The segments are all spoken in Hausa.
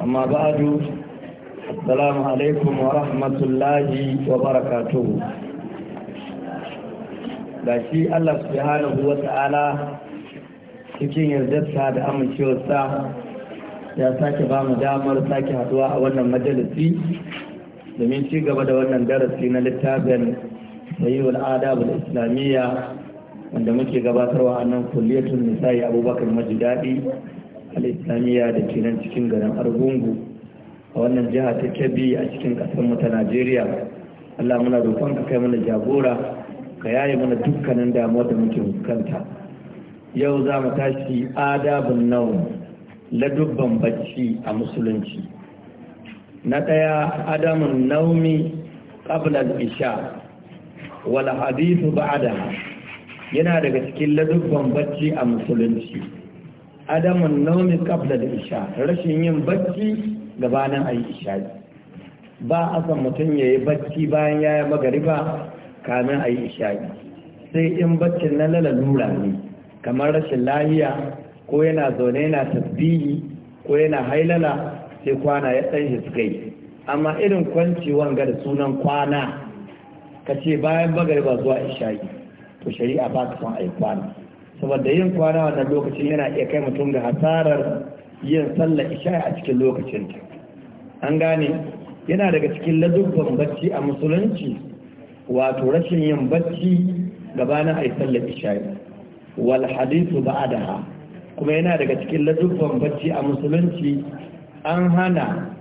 amma ba'adu salamu alaikum wa rahmatullahi wa barakatuhu da shi Allah hana huwa ta'ala cikin yardarsa da amincewarsa ya sake ba mu damar sake haduwa a wannan majalisi domin ci gaba da wannan darasi na littafin al'ada adabul islamiyya wanda muke gabatarwa a nan kulliyatun nisa'i abubakar majidadi al'islamiyya da ke nan cikin garin argungu a wannan jiha ta kebbi a cikin ƙasarmu ta najeriya allah muna roƙon ka kai mana jagora ka yaye mana dukkanin damuwa da muke fuskanta yau za mu tashi adabin nawa ladubban bacci a musulunci na ɗaya adamun naumi ƙablar isha wala hadithu yana daga cikin ladubban bacci a musulunci adamun naumi kafla da isha rashin yin bacci gabanin ayi isha ba a san mutum ya yi bacci bayan ya yi magariba kamin a yi isha'i sai in baccin na lalura ne kamar rashin lahiya ko yana zaune yana tasbihi ko yana hailala sai kwana ya ɗan hiskai amma irin kwanci wanga da sunan kwana ka ce bayan magariba zuwa isha'i to shari'a ba ta son a yi kwana saboda yin kwana wannan lokacin yana iya kai mutum ga hasarar yin sallar isha a cikin lokacinta an gane yana daga cikin ladubban bacci a musulunci wato rashin yin bacci gabanin a yi sallar isha wal hadithu ba'daha kuma yana daga cikin ladubban bacci a musulunci an hana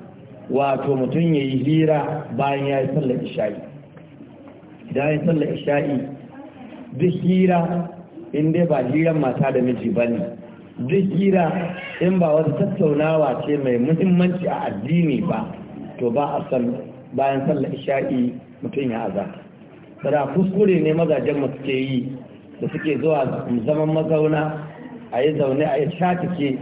wato mutum ya yi hira bayan ya yi sallar isha'i idan ya yi sallar isha'i duk hira in dai ba hiran mata da miji ba ne duk hira in ba wata tattaunawa ce mai muhimmanci a addini ba to ba a san bayan sallar isha'i mutum ya azata da kuskure ne mazajen mu suke yi da suke zuwa zaman mazauna a yi zaune a yi shatike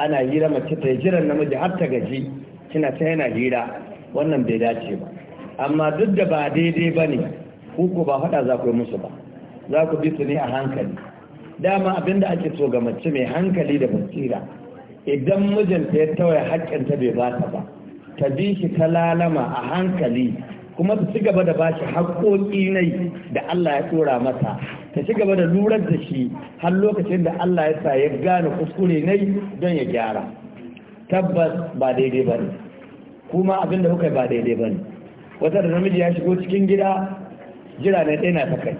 ana hira mace ta jiran namiji har ta gaji kina ta yana hira wannan bai dace ba amma duk da ba daidai ba ne ku ba faɗa za ku yi musu ba za ku bi su ne a hankali dama abinda ake so ga mace mai hankali da basira idan mijinta ya tawaye haƙƙinta bai ba ta ba ta bi shi ta lalama a hankali kuma ta ci gaba da ba shi haƙƙoƙi nai da Allah ya tura mata ta ci gaba da lurar da shi har lokacin da Allah ya sa ya gane kuskure nai don ya gyara tabbas ba daidai ba ne kuma abinda kuka ba daidai ba ne wata da namiji ya shigo cikin gida jira na ɗaya na ta kai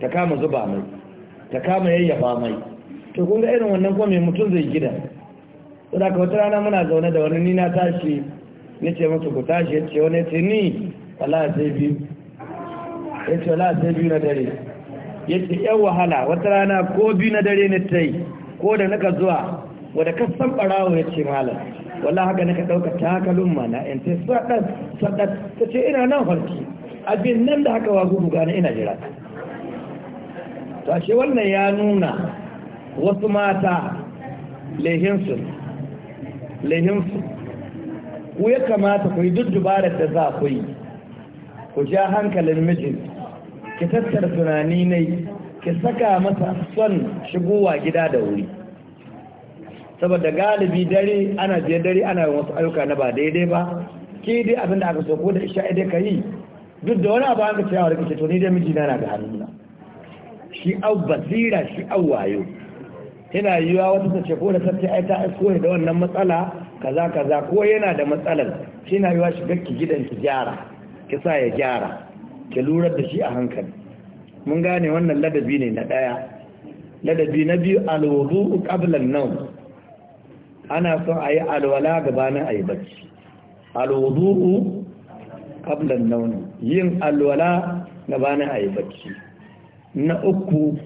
ta kama zuba mai ta kama yayyafa mai to kun ga irin wannan kuma mai mutum zai gida to da wata rana muna zaune da wani ni na tashi ni ce masa ku tashi ya ce wani ce ni wallahi sai biyu ya ce wallahi sai biyu na dare ya ce yan wahala wata rana ko biyu na dare ne ta yi ko da naka zuwa wadda ka san barawo ya ce malam wallahi haka naka ɗauka takalin mana in sai sadat sadat ta ce ina nan farki abin nan da haka wa gugu gane ina jira to ashe wannan ya nuna wasu mata lehinsu lehinsu ku ya kamata ku yi duk dubarar da za ku yi ku ja hankalin mijin ki tattara tunani ne ki saka masa son shigowa gida da wuri saboda galibi dare ana je dare ana wasu ayyuka na ba daidai ba ke dai abinda aka so ko da isha dai ka yi duk da wani abu an ka cewa rikice to ni dai mijina na ga hannuna shi au basira shi au wayo yana yiwuwa wata ta ce ko da sai ai ta aiko da wannan matsala kaza kaza ko yana da matsalar shi na yiwa shiga ki gidan ki gyara ki sa ya gyara ki lura da shi a hankali mun gane wannan ladabi ne na daya ladabi na biyu alwudu qabla an-nawm ana so ayi alwala gabanin ayi bacci alwudu qabla an-nawm yin alwala gabanin ayi bacci na uku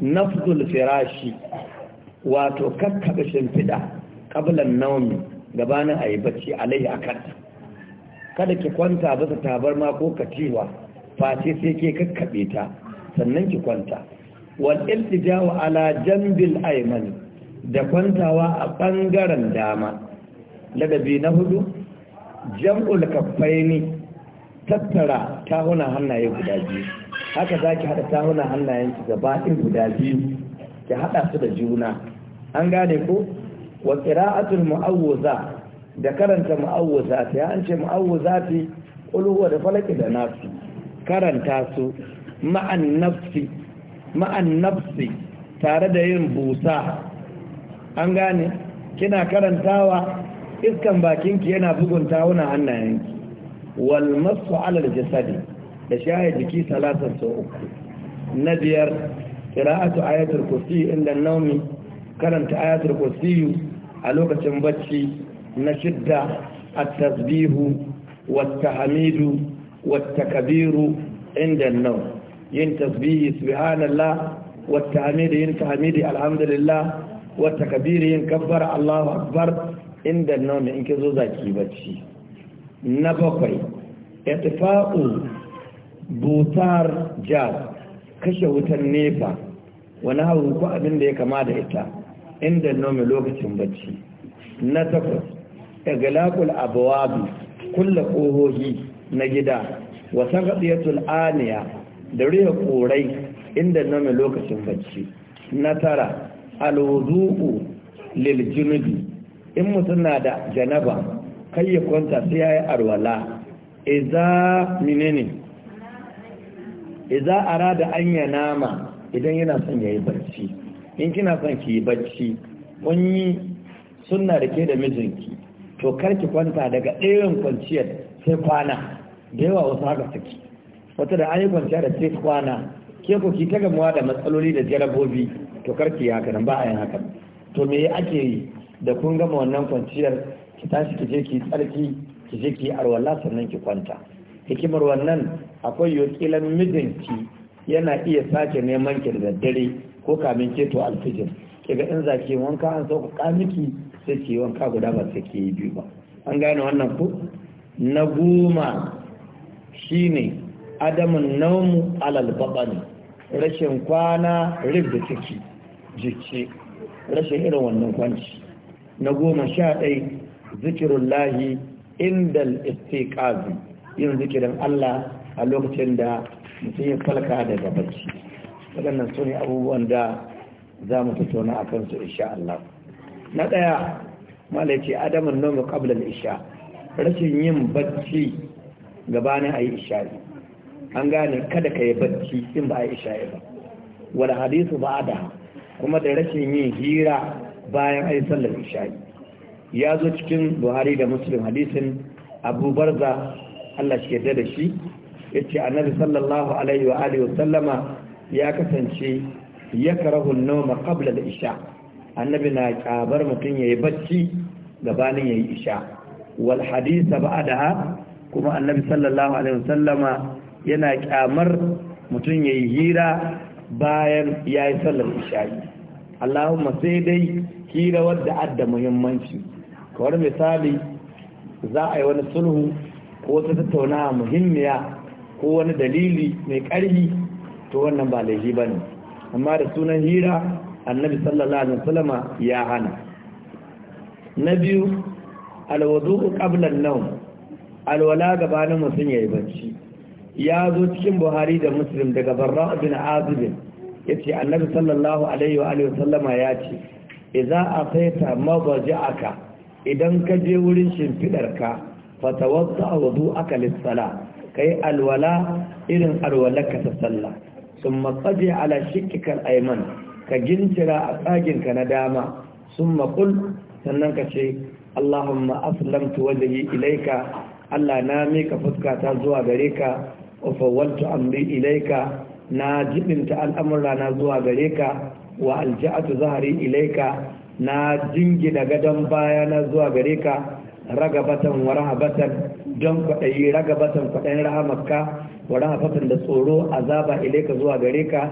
nafzul firashi wato kakkaɓe shimfiɗa ƙablan naumi gabanin a yi bacci alaihi a kanta kada ki kwanta bisa tabarma ko katiwa face sai ke kakkaɓe ta sannan ki kwanta wal iltija'u ala jambil aymani da kwantawa a ɓangaren dama ladabi na hudu jam'ul kaffaini tattara ta huna hannaye guda biyu haka za ki haɗa tahuna hannayenki gaba in guda biyu ki haɗa su da juna an gane ko wa ƙira'atul ma'awuza da karanta ma'awuza ta ya an ce ma'awuza ta qul da falaki da nasu karanta su ma'an nafsi tare da yin busa an gane kina karantawa iskan bakinki yana bugun tawuna hannayenki wal masu alal jasadi da shaya jiki salatar sau uku na biyar kira'atu ayatul kursi inda naumi karanta ayatul kursi a lokacin bacci na shidda a tasbihu wat-tahmidu wat kabiru inda naum yin tasbihi subhanallah wat hamidu yin tahmidi alhamdulillah wat kabiru yin kabbara Allahu akbar inda naumi in kizo zaki bacci na bakwai ittifaqu butar jaz kashe wutar nefa wani hauru ko abin da ya kama da ita inda nomi lokacin bacci na takwas iglaqul abwab kulla kohohi na gida wasan sagadiyatul aniya da riya korai inda nomi lokacin bacci na tara alwudu'u lil junubi in mutum na da janaba kai ya kwanta sai yayi arwala iza minenin a arada an nama idan yana son yayi barci in kina son ki yi barci kun yi sunna da ke da mijinki to kar ki kwanta daga ɗayan kwanciyar sai kwana da yawa wasu haka suke wata da an yi kwanciya da sai kwana ke ku ki ta gamuwa da matsaloli da jarabobi to kar ki yi haka ba a yin haka to me ake yi da kun gama wannan kwanciyar ki tashi ki je ki tsarki ki je ki arwala sannan ki kwanta hikimar wannan akwai yokilan mijinki yana iya sake neman ki da daddare ko kamin ceto alfijir kiga in za ki wanka an sauka miki sai ke wanka guda ba sai ke yi biyu ba an gane wannan ku na goma shine adamun naumu alal babani rashin kwana rib da ciki jiki rashin irin wannan kwanci na goma sha ɗai zikirullahi indal istiqazi yin zikirin Allah a lokacin da mutum ya falka daga bacci waɗannan su ne abubuwan da za mu tattauna a kansu isha Allah na ɗaya malai adamu na nomi isha rashin yin bacci gabanin a yi an gane kada ka yi bacci in ba a yi isha'i ba wani hadisu ba da kuma da rashin yin hira bayan a yi sallar ishaɗi? ya zo cikin buhari da muslim hadisin Abubarza. Allah shi yarda da shi yace annabi sallallahu alaihi wa alihi wa sallama ya kasance yakrahu an-nawma qabla da isha annabi na kabar mutun yayi bacci gabanin yayi isha wal hadith ba'daha kuma annabi sallallahu alaihi wa sallama yana kyamar mutum yayi hira bayan yayi sallar isha'i Allahumma sai dai hira wadda adda muhimmanci kawar misali za a yi wani sulhu ko wata tattaunawa muhimmiya ko wani dalili mai ƙarfi to wannan ba laifi ba ne amma da sunan hira annabi sallallahu alaihi wasallama ya hana na biyu alwudu qabla an-nawm alwala gabanin mutum yayi bacci ya zo cikin buhari da muslim daga barra bin azib yace annabi sallallahu alaihi wa alihi wasallama ya ce idza afaita mabaja'aka idan ka je wurin ka? fatawadda wudu aka lissala kai alwala irin alwalarka ta sallah sun matsaje ala shikikar aiman ka gintira a ka na dama sun makul sannan ka ce allahumma aslamtu wajahi ilaika allah na mika fuskata zuwa gare ka ufawaltu amri ilaika na jibinta al'amura na zuwa gare ka wa alja'atu zahari ilaika na jingina gadon baya na zuwa gare ka ragabatan wa rahabatan don kwaɗayi ragabatan kwaɗayin rahamarka wa rahabatan da tsoro azaba ileka zuwa gare ka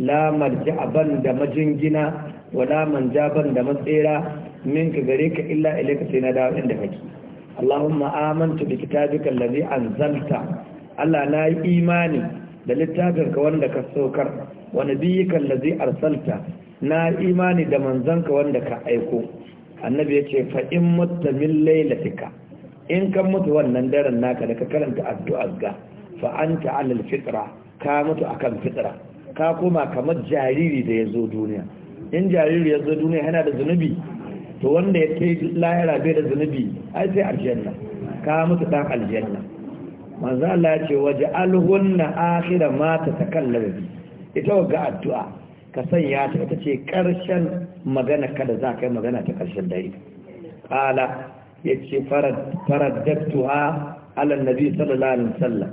la marja'aban da majingina wa la jaban da matsera ka gare ka illa ileka sai na dawo inda kake Allahumma amantu bi kitabika allazi anzalta Allah na yi imani da littafinka wanda ka saukar wa nabiyyika allazi arsalta na imani da manzanka wanda ka aiko annabi ya ce fa'in mutta min lailatika in kan mutu wannan daren naka da ka karanta addu'ar ga Fa anta ta'alil fitra ka mutu akan fitra ka koma kamar jariri da ya zo duniya in jariri ya zo duniya yana da zunubi to wanda ya kai lahira bai da zunubi ai sai aljanna ka mutu dan aljanna manzo Allah ya ce waje alhunna akhira ma tatakallabi ita ga addu'a ka sanya ta ita ce ƙarshen magana kada za ka yi magana ta ƙarshen dare ƙala ya ce ha alal nabi sallallahu alaihi wasallam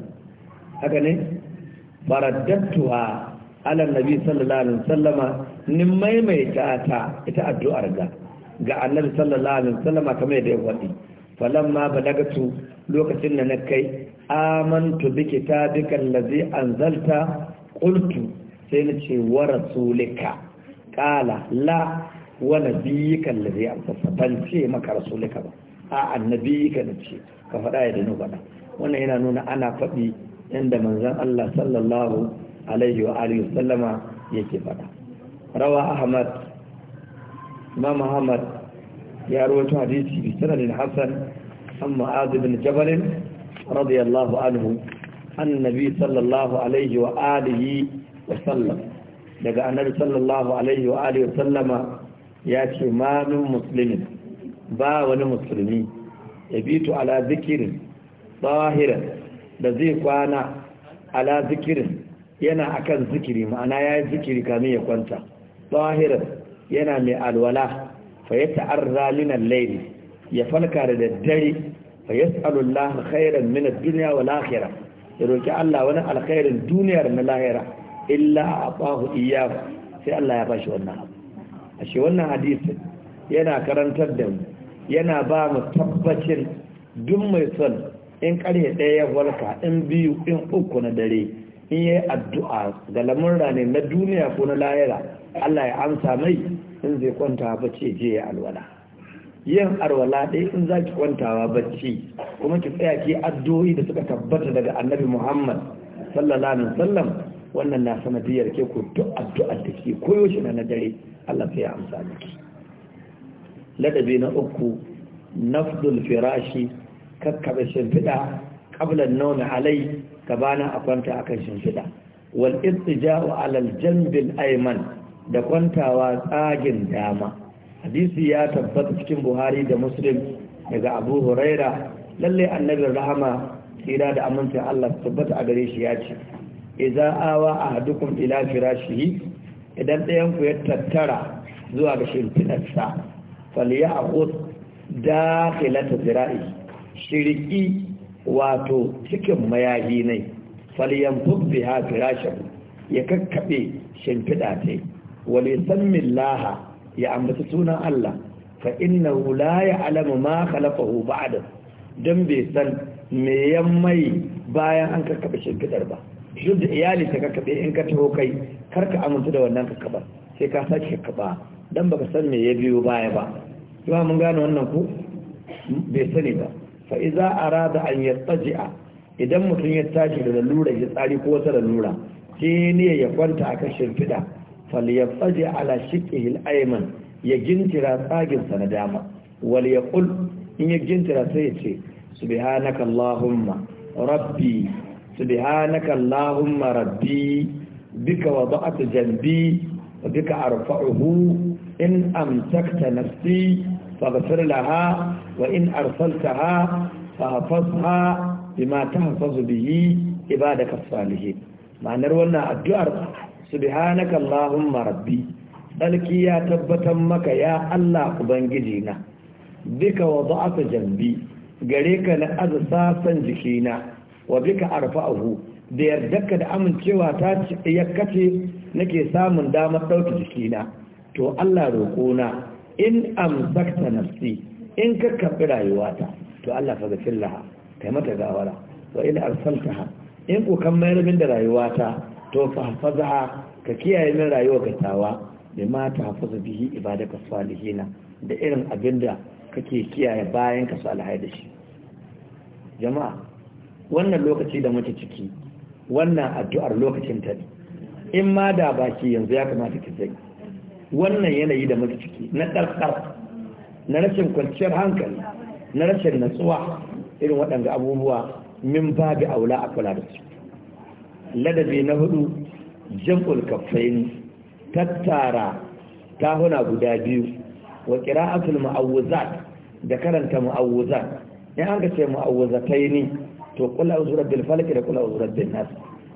haka ne ha alal nabi sallallahu alaihi wasallama nin maimaita ta ita addu'ar ga ga annabi sallallahu alaihi wasallama kamar yadda ya faɗi falamma balagatu lokacin da na kai amantu bi kitabika allazi anzalta qultu sai na ce wa rasulika kala la wa nabiyika allazi arsala ban ce maka rasulika ba a annabiyika na ce ka faɗa ya dinu faɗa wannan yana nuna ana faɗi inda manzon Allah sallallahu alaihi wa alihi sallama yake faɗa rawa ahmad imam muhammad ya rawaito hadisi bi sanadin hasan an mu'adh bin jabal radiyallahu anhu annabi sallallahu alaihi wa alihi wasallam daga annabi sallallahu alaihi wa alihi wasallama ya ce ma min muslimin ba wani musulmi ya bitu ala zikirin tsahiran da zai kwana ala zikirin yana akan zikiri ma'ana ya yi zikiri kamin ya kwanta tsahiran yana mai alwala fa ya ta'arra minan laili ya falka da daddare fa ya tsalullah khairan minan duniya wa lahira ya roƙi Allah wani alkhairin duniyar na lahira illa abahu iyahu sai Allah ya shi wannan abu shi wannan hadisin yana karantar da mu yana ba mu tabbacin duk mai son in karye ɗaya ya warka in biyu in uku na dare in yi addu'a ga lamurra ne na duniya ko na layara Allah ya amsa mai in zai kwanta bacci je ya alwala yin alwala ɗaya in za ki kwantawa bacci kuma ki tsaya ki addu'o'i da suka tabbata daga annabi muhammad sallallahu alaihi wasallam wannan na sanadiyar ke ku duk addu'ar da ke koyo shi na dare Allah sai ya amsa miki ladabi na uku nafdul firashi kakkabe shimfiɗa qablan nawmi alai gabana a kwanta akan shimfiɗa wal istija'u ala al janbil ayman da kwantawa tsagin dama hadisi ya tabbata cikin buhari da muslim daga abu huraira lalle annabin rahama tsira da amincin allah tabbata a gare shi ya ce idza awa ahadukum ila firashihi idan ɗayan ku ya tattara zuwa ga shirfinarsa falya'khud dakhilata zira'i shiriki wato cikin mayahi ne falyanfud biha firashahu ya kakkaɓe shimfiɗa ta wal yusammi Allah ya ambaci sunan Allah fa innahu la alama ma khalaqahu ba'da dan bai san me yammai bayan an kakkaɓe shimfidar ba duk da iyali ta kakkaɓe in ka taho kai kar ka amintu da wannan kakkaɓa sai ka sake don dan baka san me ya biyo baya ba kuma mun gane wannan ku bai sani ba fa iza arada an yattaji'a idan mutum ya tashi da lalura ya tsari ko wata lalura sai ne ya kwanta akan shimfiɗa falyafaji ala shiqihi al-ayman ya gintira tsagin sa na dama wal yaqul in ya gintira sai ya ce subhanaka allahumma rabbi subhanaka allahumma rabbi bika wada'tu janbi wa bika arfa'uhu in amsakta nafsi faghfir laha wa in arsaltaha fahfazha bima tahfazu bihi ibadaka salihin ma'anar wannan addu'ar subhanaka ɗalki rabbi ya tabbatar maka ya Allah ubangijina na bika wada'tu janbi gare ka na aza san jikina wa bika arfa'uhu da ka da amincewa ta ya kace nake samun damar dauki jikina to Allah na in amsakta nafsi in ka karbi rayuwata to Allah fa gafir laha kai mata gawara wa in arsaltaha in ku kan mayar min da rayuwata to fa fazaha ka kiyaye min rayuwa ka tawa bi ma ta hafaza bihi ibadaka salihina da irin abinda kake kiyaye bayan ka salihai da shi jama'a wannan lokaci da muke ciki wannan addu'ar lokacin ta ne in ma da baki yanzu ya kamata ki sai wannan yanayi da muke ciki na karkar na rashin kwanciyar hankali na rashin natsuwa irin waɗanda abubuwa min babu aula a kula da su ladabi na hudu jam'ul kaffaini tattara ta huna guda biyu wa qira'atul mu'awwizat da karanta mu'awwizat in an ga ce mu'awwizataini to qul a'udhu birabbil falaq da qul a'udhu birabbin nas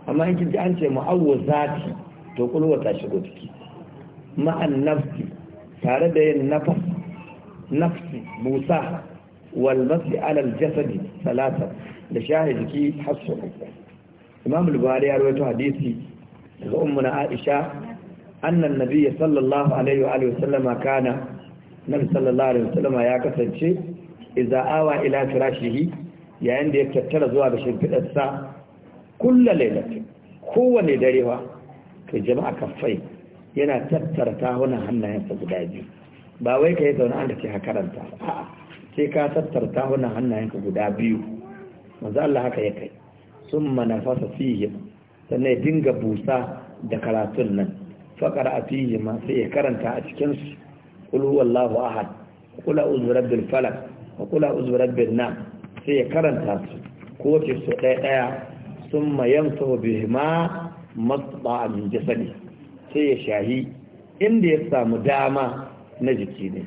amma in kin ji an ce mu'awwazati to qul wa ta shigo ciki ma'an nafsi tare da yin nafas nafsi busa wal masli ala al jasadi salasa da shahi jiki hasu imam al-bukhari ya rawaito hadisi daga ummuna aisha annan nabiyyi sallallahu alaihi wa alihi wasallama kana nabi sallallahu alaihi wasallama ya kasance idza awa ila firashihi yayin da ya tattara zuwa da shimfiɗarsa kulla lailatin kowane darewa ka jama'a kafai yana tattara ta tahunan hannayensa guda biyu ba wai ka yi zaune an da ke hakaranta a'a sai ka tattara ta tahunan hannayenka guda biyu manzo Allah haka ya kai sun manafasa fiye sannan ya dinga busa da karatun nan faƙar a fiye ma sai ya karanta a cikinsu ƙulu wallahu ahad ƙula uzurabbil falak kula ƙula uzurabbil na sai ya karanta su ko ce su ɗaya ɗaya sun mayan sau ma matsa min sani sai ya shahi inda ya samu dama na jiki ne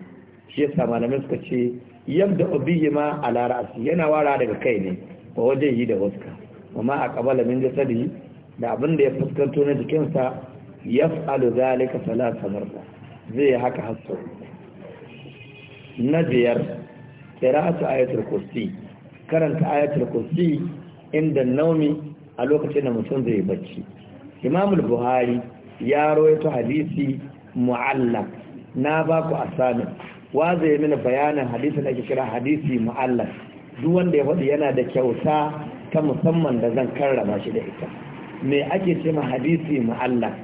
shi ya samu na suka ce yadda ma a lara'asi yana wara daga kai ne ba wajen yi da waska amma a kabala min jasadi da abin da ya fuskanto na jikinsa ya fa'alu zalika salasa marta zai yi haka hasso na biyar kira su ayatul kursi karanta ayatul kursi inda naumi a lokacin da mutum zai bacci imamul buhari ya rawaito hadisi mu'allaq na ba ku asamin wa zai mini bayanin hadisin ake kira hadisi mu'allaq duk wanda ya faɗi yana da kyauta ta musamman da zan karrama shi da ita me ake ce ma hadisi mu'allaq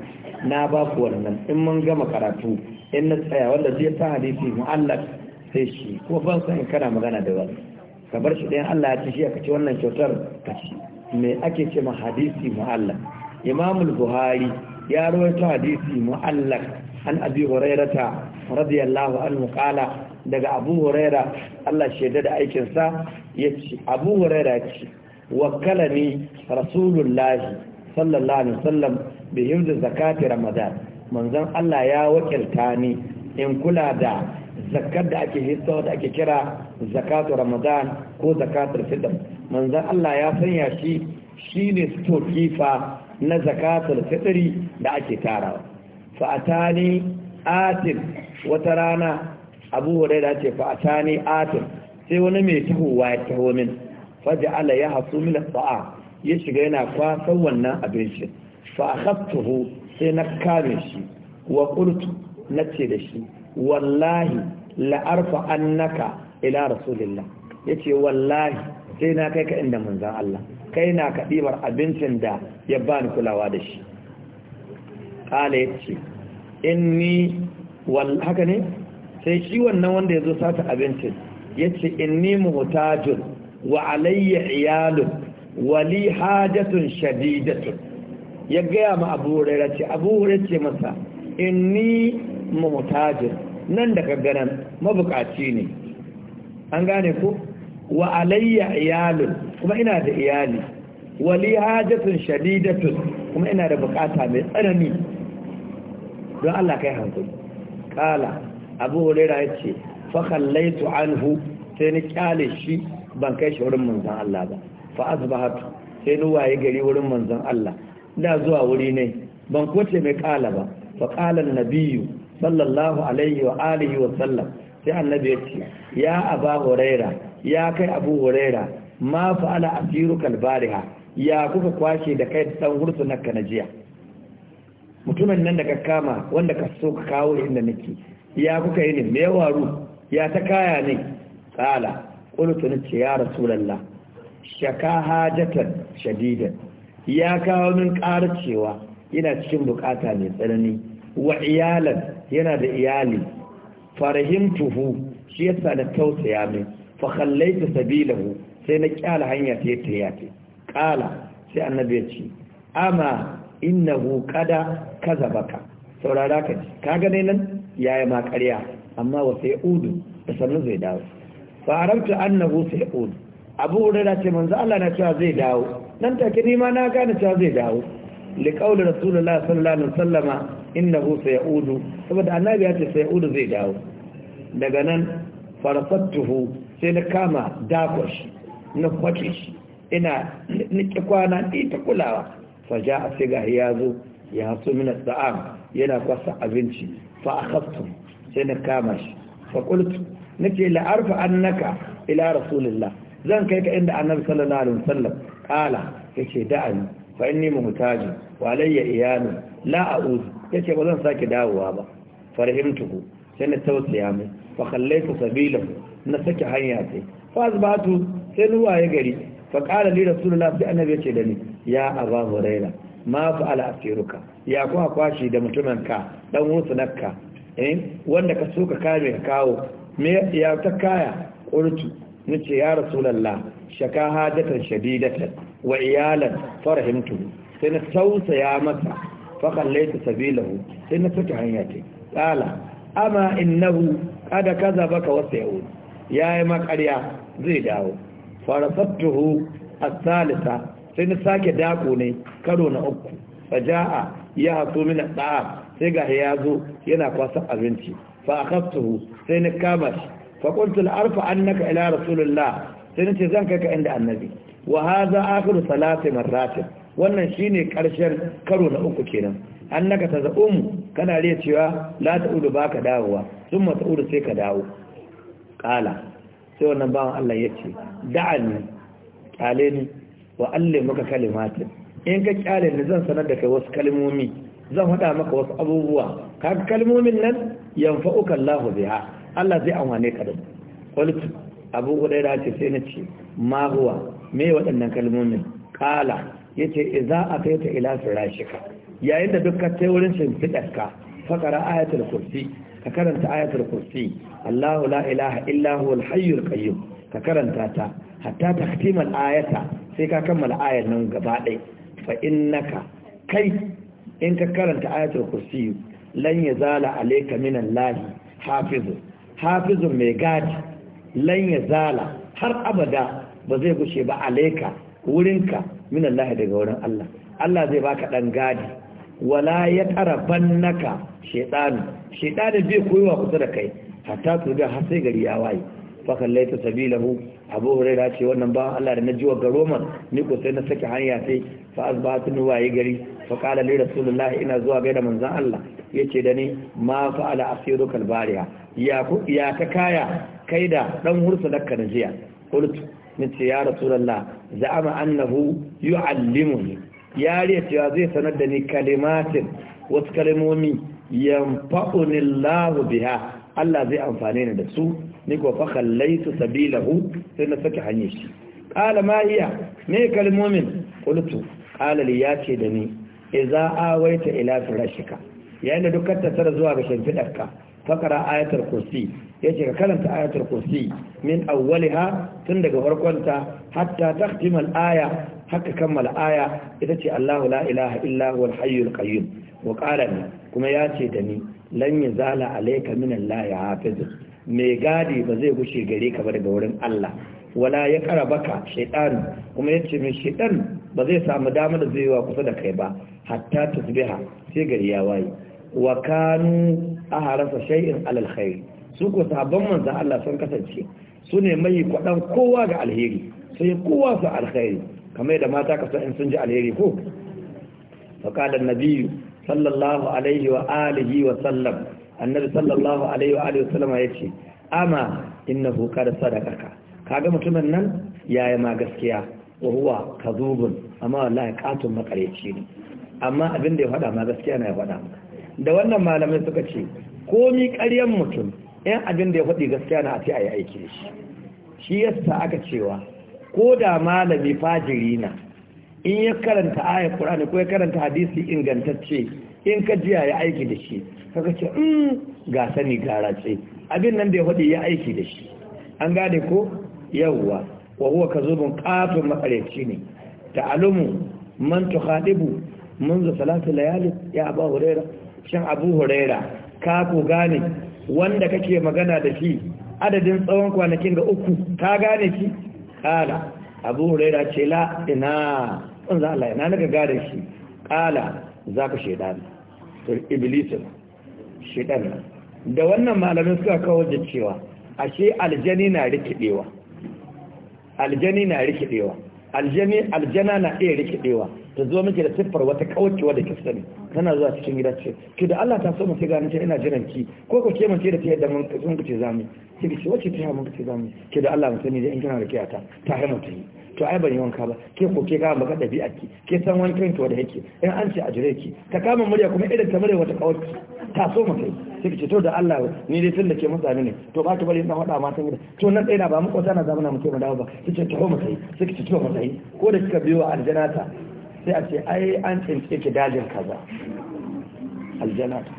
na ba ku wannan in mun gama karatu in na tsaya wanda zai ta hadisi mu'allaq sai shi ko ban san kana magana da wani ka bar shi ɗayan Allah ya ci shi ka ci wannan kyautar ka ci me ake ce ma hadisi mu'allaq imam buhari ya rawaito hadisi mu'allaq an abi hurairata radiyallahu anhu qala daga abu huraira Allah shaida da aikin sa yace abu huraira yace wakkalani rasulullahi sallallahu alaihi wasallam bi hifz zakati ramadan manzon Allah ya wakilta ni in kula da zakar da ake hissa da ake kira zakatu ramadan ko zakatu fitr manzon Allah ya sanya shi shine sto kifa na zakatu fitri da ake tara fa atani atin wata rana abu da ce fa atani atin sai wani mai tahowa ya taho min allah ya hasu min sa'a ya shiga yana kwasan wannan abinci fa akhadtuhu sai na kame shi wa qultu nace da shi wallahi la'arfa annaka ila rasulillah yace wallahi sai na kai ka inda manzon Allah kai na ka dibar abincin da ya bani kulawa da shi kala yace inni wal haka ne sai shi wannan wanda yazo sata abincin yace inni muhtajun wa alayya iyalun wali hajatun shadidatun ya gaya ma abu hurairah ce abu hurairah ce masa inni mutajir nan da kaganan mabukaci ne an gane ku wa alayya iyalun kuma ina da iyali wali hajatun shadidatun kuma ina da bukata mai tsanani don Allah kai hankali kala abu hurera ya ce fakallaitu anhu sai ni kyale shi ban kai shi wurin manzan Allah ba fa asbahatu sai ni waye gari wurin manzan Allah da zuwa wuri ne ban kwace mai kala ba fa kala nabiyyu sallallahu alaihi wa alihi wa sallam sai annabi ya ce ya aba huraira ya kai abu huraira ma fa'ala asirukal bariha ya kuka kwashe da kai dan hurtu na kanajiya mutumin nan da ka kama wanda ka so ka kawo inda nake ya kuka yi ne me waru ya ta kaya ne kala qultu nace ya rasulullah shaka hajatan shadidan ya kawo min ƙara cewa ina cikin bukata mai tsanani wa iyalan yana da iyali farahimtuhu shi yasa na tausaya min fa khallaita sabilahu sai na kyala hanya ta yata yata kala sai annabi ya ce ama innahu qada kazabaka saurara ka ji ga ne nan yaya ma ƙarya amma wa sai udu da sannu zai dawo fa arabta annahu sai udu abu hurairah ce manzo Allah na cewa zai dawo nan take ni ma na gane cewa zai dawo li qawli rasulullahi sallallahu alaihi wasallama innahu sayaudu saboda annabi ya ce sayaudu zai dawo daga nan farfattuhu sai na kama dakon na kwace shi ina niki kwana ita kulawa faja a siga ya zo ya hasu mina sa'am yana kwasa abinci fa akhaftu sai na kama shi fa qultu nace la arfa annaka ila rasulillah zan kai ka inda annabi sallallahu alaihi wasallam qala yace da'ani fa inni muhtaji wa alayya iyanu la a'udhu ya ce ba zan sake dawowa ba farhimtuhu sai na tausaya mu fa khallaitu sabila na sake hanya sai fa azbatu sai ruwa ya gari fa qala li rasulullah sai annabi ya ce da ni ya aba huraira ma ala asiruka ya kuwa kwashi da mutumin ka dan nakka eh wanda ka so ka kame ka kawo me ya ta kaya kurtu nace ya rasulullah shaka hadatan shadidatan wa iyalan farhimtu sai na tausaya maka fa kallaitu sabilahu sai na saki hanya ce qala amma innahu kada yi. wa sayud yayi makarya zai dawo farasattuhu a salisa sai na sake dako ne karo na uku faja'a ya hato mina da'a sai ga ya zo yana kwasan abinci fa sai na kama shi fa arfa annaka ila rasulullah sai nace zan kai ka inda annabi wa hadha akhiru salati marratin wannan shine ƙarshen karo na uku kenan An annaka mu. kana riya cewa la ta'udu ka dawowa thumma ta'udu sai ka dawo Ƙala, sai wannan bawan Allah ya ce da'ani ƙyale ni wa maka kalimatin in ka ƙyale ni zan sanar da kai wasu kalmomi zan haɗa maka wasu abubuwa kaga kalmomin nan yanfa'uka lahu biha Allah zai amfane ka da qultu abu hurairah sai na ce ma huwa me waɗannan kalmomin Ƙala. yace kai ta ila firashika yayin da dukkan tai wurin shimfidarka fakara ayatul kursi ka karanta ayatul kursi Allahu la ilaha illahu huwal qayyum ka karanta ta hatta taktimal ayata sai ka kammala ayar nan gaba ɗaya fa innaka kai in ka karanta ayatul kursi lan yazala alayka minallahi hafizu hafizun mai gadi lan yazala har abada ba zai gushe ba alayka wurinka min Allah daga wurin Allah Allah zai baka dan gadi wala ya taraban naka shaytanu shaytanu bai koyowa kusa da kai hatta su ga har sai gari ya waye fa kallaita sabilahu abu huraira ce wannan ba Allah da najiwa ga roma ni ko sai na saki hanya sai fa asbahatu waye gari fa qala li rasulullahi ina zuwa ga da manzon Allah yace da ni ma ala asirukal bariya ya ku ya ta kaya kai da dan hursa dakka najiya jiya qultu nace ya rasulullah za'ama annahu yu'allimuni ya riya zai sanar da ni kalimatin wasu kalimomi yanfa'uni Allah biha Allah zai amfane ni da su ni ko fa khallaitu sabilahu sai na saki hanyar shi qala ma hiya me kalmomin qultu qala li yace da ni idza awaita ila firashika yayin da dukkan tattara zuwa ga shimfidarka fakara ayatul kursi ya ce ka karanta ayatul kursi min awwaliha tun daga farkonta hatta takhtimal aya haka kammala aya ita ce Allahu la ilaha illa huwal hayyul qayyum wa qala kuma ya ce da ni lan yazala alayka min Allah hafiz me gadi ba zai gushe gare ka ba daga wurin Allah wala ya karabaka shaytan kuma yace mai shaytan ba zai samu dama da zai wa kusa da kai ba hatta tasbiha sai gari ya waye wa kanu aharasa shay'in alal khair su ko sahabban manzan Allah sun kasance su ne mai kwaɗan kowa ga alheri su yi kowa su alheri kamar yadda mata ka san in sun ji alheri ko faƙalar nabiyu sallallahu alaihi wa alihi wa sallam annabi sallallahu alaihi wa alihi wa sallama ya ce ama innahu kada sadakaka kaga mutumin nan yi ma gaskiya wa huwa kazubun amma wallahi katun makareci ne amma abin da ya faɗa ma gaskiya na ya faɗa da wannan malamai suka ce komi ƙaryan mutum yan abin da ya faɗi gaskiya na a ce a yi aiki da shi shi yasa aka cewa ko da malami fajiri na in ya karanta ayar ƙur'ani ko ya karanta hadisi ingantacce in ka jiya ya aiki da shi kaga ce in mm, ga sani gara ce abin nan da ya faɗi ya aiki da shi an gane ko yawwa wa huwa kazubun qatu makareci ne ta'alumu man tukhadibu منذ ثلاث ليالي ya Abu Huraira shin Abu Huraira ka ku gane wanda kake magana da shi adadin tsawon kwanakin ga uku ta gane shi kala abu huraira ce la ina in za Allah ina naga gane shi kala za ka shaidan to iblis shaidan da wannan malamin suka kawo da cewa ashe aljani na rikidewa aljani na rikidewa aljana na iya rikidewa ta zo miki da siffar wata kawacewa da kisa ne tana zuwa cikin gida ce ki da Allah ta so mu sai gani ta ina jiran ki ko ko ke mace da ta yadda mun sun ku zamu ki ce wace ta mun ku zamu ki da Allah mun sani da in kana da kiyata ta hana ta yi to ai ban yi wanka ba ke ko ke kama maka dabi'a ki ke san wani kan to da yake in an ce a jire ki ka kama murya kuma irin ta murya wata kawai ta so mu kai sai ki ce to da Allah ni dai tun da ke mutane ne to ba ta bari na faɗa matan gida to nan ɗaya na ba mu kwata na zamana mu ce mu dawo ba ki ce to mu kai sai ki ce to mu kai ko da kika biyo aljanata sai a ce ai an tsince ki dajin kaza aljanata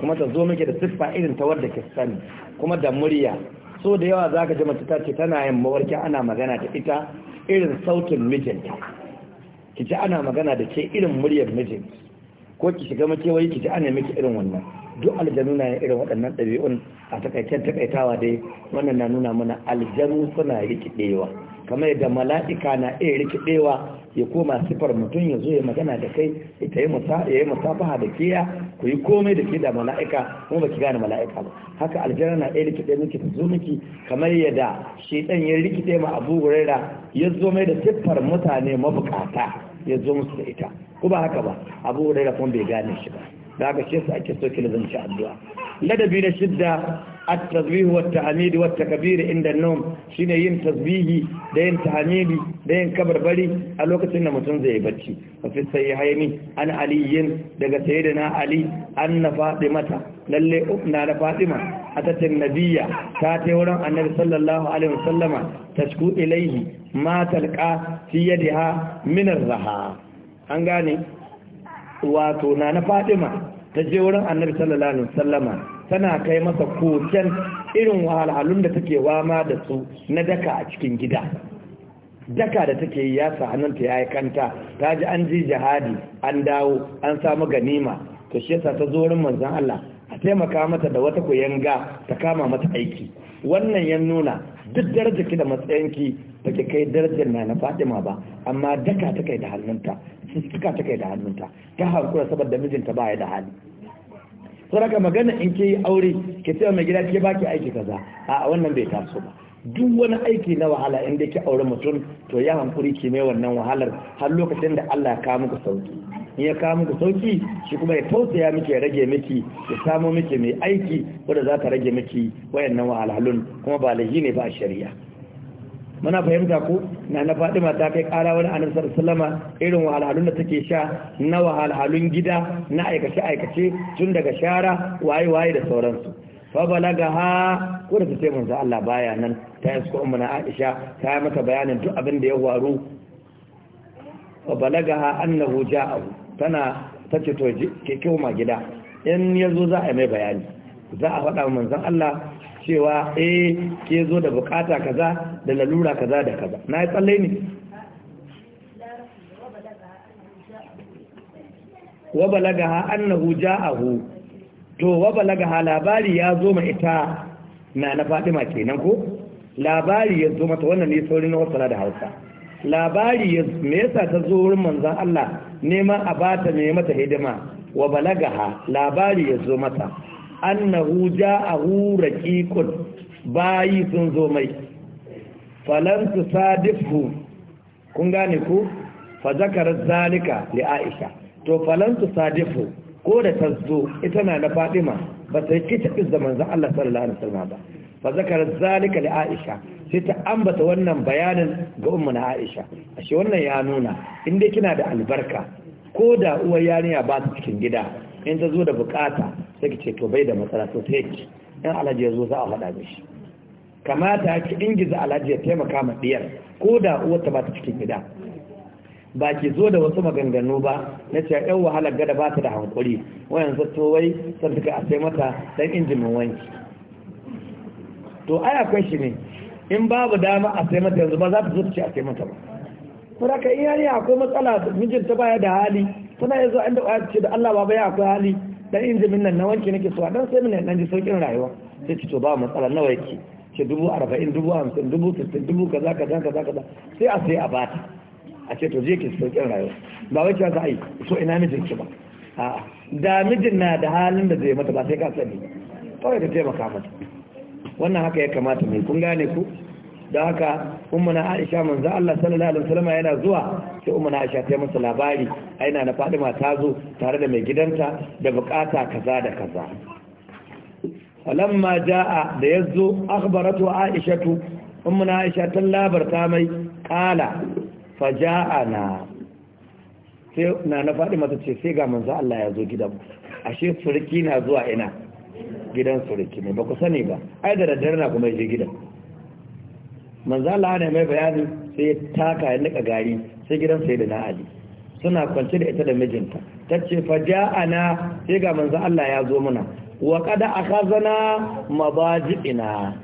kuma ta zo miki da siffa irin ta wadda ke sani kuma da murya so da yawa za ka ji mace ta ce tana yin mawarki ana magana da ita irin sautin mijinta ki ji ana magana da ke irin muryar mijin ko ki shiga makewayi ki ji ana miki irin wannan duk aljanu na irin waɗannan ɗabi'un a takaicen takaitawa dai wannan na nuna mana aljanu suna rikidewa kamar yadda mala'ika na iya rikidewa ya koma sifar mutum ya zo ya magana da kai ita yi musafaha da kiya ku yi komai da ke da mala'ika kuma ba ki gane mala'ika ba haka aljana na iya rikide miki ta zo miki kamar yadda shi dan ya rikide ma abu huraira ya zo mai da sifar mutane mabukata ya zo musu da ita ko ba haka ba abu huraira kuma bai gane shi ba da haka shi yasa ake so ki lazanci addu'a ladabi na shidda a wata التسبيح والتحميد والتكبير عند النوم shine yin tasbihi da yin tahmidi da yin kabarbari a lokacin da mutum zai bacci fa ya sahihaini an aliyin daga sayyidina ali faɗi mata. lalle na da fatima atatin nabiyya ta ta wurin annabi sallallahu alaihi wa wasallama tashku ilaihi ma talqa fi minar min raha an gane wato na na faɗi ma. ta je wurin annabi sallallahu alaihi wasallama tana kai masa kocen irin wahalhalun da take wama da su na daka a cikin gida daka da take yi ya sa hannunta ya yi kanta ta ji an ji jihadi an dawo an samu ganima to shi yasa ta zo wurin manzon Allah a taimaka mata da wata kuyanga ta kama mata aiki wannan ya nuna duk darajar ki da matsayinki ba ki kai darajar na na fadima ba amma daka ta kai da hannunta suka ta kai da hannunta ta hankula saboda mijinta ba ya da hali saboda magana in ke yi aure ki ce mai gida ke ki aiki kaza a wannan bai taso ba duk wani aiki na wahala in da ki aure mutum to ya hankuri ki mai wannan wahalar har lokacin da Allah ya kawo muku sauki in ya kawo muku sauki shi kuma ya tausaya miki ya rage miki ya samo miki mai aiki wanda za ta rage miki wayannan wahalhalun kuma ba lahi ne ba a shari'a muna fahimta ko na na faɗi ta kai ƙara wani annabi sallallahu salama irin wahalhalun da take sha na wahalhalun gida na aikace aikace tun daga shara waye waye da sauransu fa balaga ha ko da sai manzo Allah baya nan ta yi umma na Aisha ta yi mata bayanin duk abin da ya waru fa balaga ha, annahu ja'ahu tana ta to ke ma gida in ya zo za a mai bayani za a faɗa manzan Allah cewa eh ke zo da bukata kaza da lalura kaza da kaza na yi tsalle ne wa ha annahu ja'ahu to wa ha labari ya zo ma ita na na Fatima kenan ko labari ya zo mata wannan ne saurin na wasala da Hausa labari me yasa ta zo wurin manzon Allah neman a bata me mata hidima wa balagaha labari ya zo mata annahu ja'ahu raqiqun bayi sun zo mai falan tusadifhu kun gane ku fa zakarat zalika li Aisha to falan tusadifhu ko da ta zo ita na da Fatima ba ta kici da manzan Allah sallallahu alaihi wasallam ba fa zakara zalika li aisha sai ta ambata wannan bayanin ga ummu na aisha ashe wannan ya nuna in kina da albarka ko da uwar yarinya ba ta cikin gida in ta zo da bukata sai ki ce to bai da matsala to ta ki." Dan alhaji ya zo za a faɗa mishi kamata ki ingiza alhaji ya taimaka ma diyar ko da uwar ta ba ta cikin gida ba ki zo da wasu maganganu ba na cewa yan wahalar gada ba ta da hankuri wayan zato wai sai suka a sai mata dan injimin wanki to ai akwai shi ne in babu dama a sai mata yanzu ba za ta zo ce a sai mata ba kuma iya ne akwai matsala mijinta baya da hali tana yanzu an da ce da Allah baba ya akwai hali dan injimin nan na wanke nake so dan sai mun dan ji saukin rayuwa sai ci to ba matsala nawa yake ce dubu arba'in dubu hamsin dubu sittin dubu kaza kaza kaza kaza sai a sai a bata a ce to je ki saukin rayuwa ba wai ki za a yi so ina mijin ki ba a'a da mijin na da halin da zai mata ba sai ka sani kawai ka taimaka mata wannan haka ya kamata mai kun gane ku Da haka umarna aisha manzo Allah sallallahu alaihi wasallam yana zuwa sai umarna aisha ta masa labari aina na Fadima ta zo tare da mai gidanta da bukata kaza da kaza falamma jaa da yazo akhbaratu aishatu umarna aisha ta labarta mai kala faja'ana sai na na Fadima ta ce sai ga manzo Allah ya zo gidan ashe furki na zuwa ina gidan suriki ne ba ku sani ba ai da daddare na kuma je gidan manzo Allah ne mai bayani sai ya taka ya nika gari sai gidan sai da na Ali suna kwance da ita da mijinta tace fa ja'ana sai ga manzo Allah ya zo muna wa qad akhazana mabajina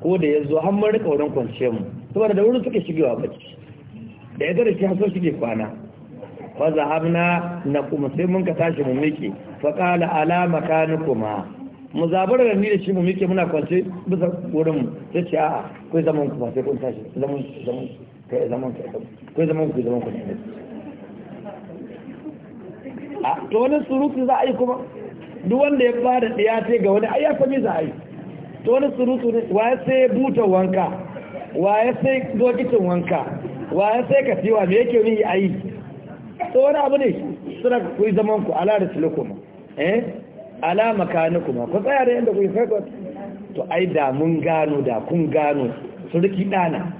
ko da yazo har mun rika wurin kwance mu saboda da wurin suke shigewa bacci da ya gare shi haso shige kwana fa zahabna na kuma sai mun ka tashi mu miki fa qala ala makanukuma mu zabar da ni da shi mu muke muna kwance bisa gurin mu ce a'a kai zaman ku ba sai kun tashi zaman zaman kai zaman kai kai zaman ku zaman ku ne a to wani surutu za a yi kuma duk wanda ya fara ya ce ga wani ai ya sami za a yi to wani surutu ne wa ya sai buta wanka wa ya sai dokitin wanka wa ya sai katiwa me yake ni a yi to wani abu ne suna ku zaman ku ala da silikoma eh ala kuma ku tsaya da yadda kuke farko to ai da mun gano da kun gano surki dana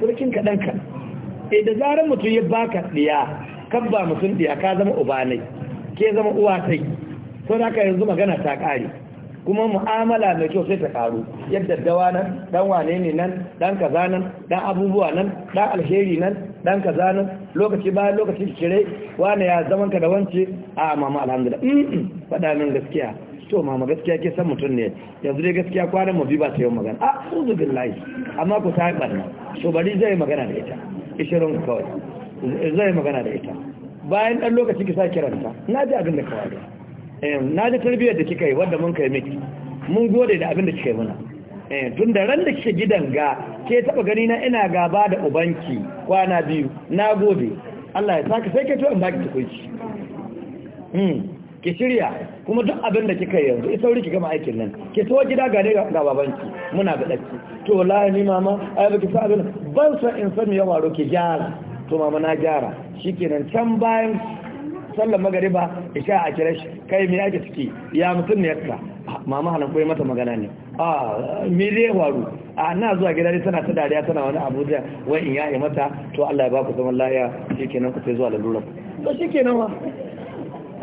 surkin kadan ka eh da zarar mutum ya baka diya kan ba mutum diya ka zama uba ne ke zama uwa sai to da ka yanzu magana ta kare kuma mu'amala mai kyau sai ta karu yadda dawa nan dan wane ne nan dan kaza nan dan abubuwa nan dan alheri nan dan kaza nan lokaci bayan lokaci kire wane ya zaman ka da wance a mama alhamdulillah faɗa nan gaskiya to mama gaskiya ke san mutum ne yanzu dai gaskiya kwanan mu bi ba ta yau magana a uzu billahi amma ku ta barna to bari zai magana da ita ishirin kawai zai magana da ita bayan ɗan lokaci ki sa kiranta na ji abin da kawai Eh, na ji tarbiyyar da kika yi wadda mun kai miki mun gode da abin da kika yi muna eh, tun da ran da kika gidan ga ke taba gani na ina gaba da ubanki kwana biyu na gode Allah ya saka sai ke to in baki tukunci hmm ki shirya kuma duk abin da kika yanzu isa wuri ki gama aikin nan ki to gida ga ne ga babanki muna ga daki to wallahi ni mama ai baki sa abin ban san in san yawa ro ki gyara to mama na gyara shikenan can bayan sallar magariba isha a kira shi kai me yake suke ya mutum ne yaka ah, mama halan koyi mata magana ne a ah, me zai faru a ah, na zuwa gida dai tana ta dariya tana wani abuja? wai in yaye mata to Allah ya baku zaman lafiya kenan ku sai zuwa lalura to kenan ma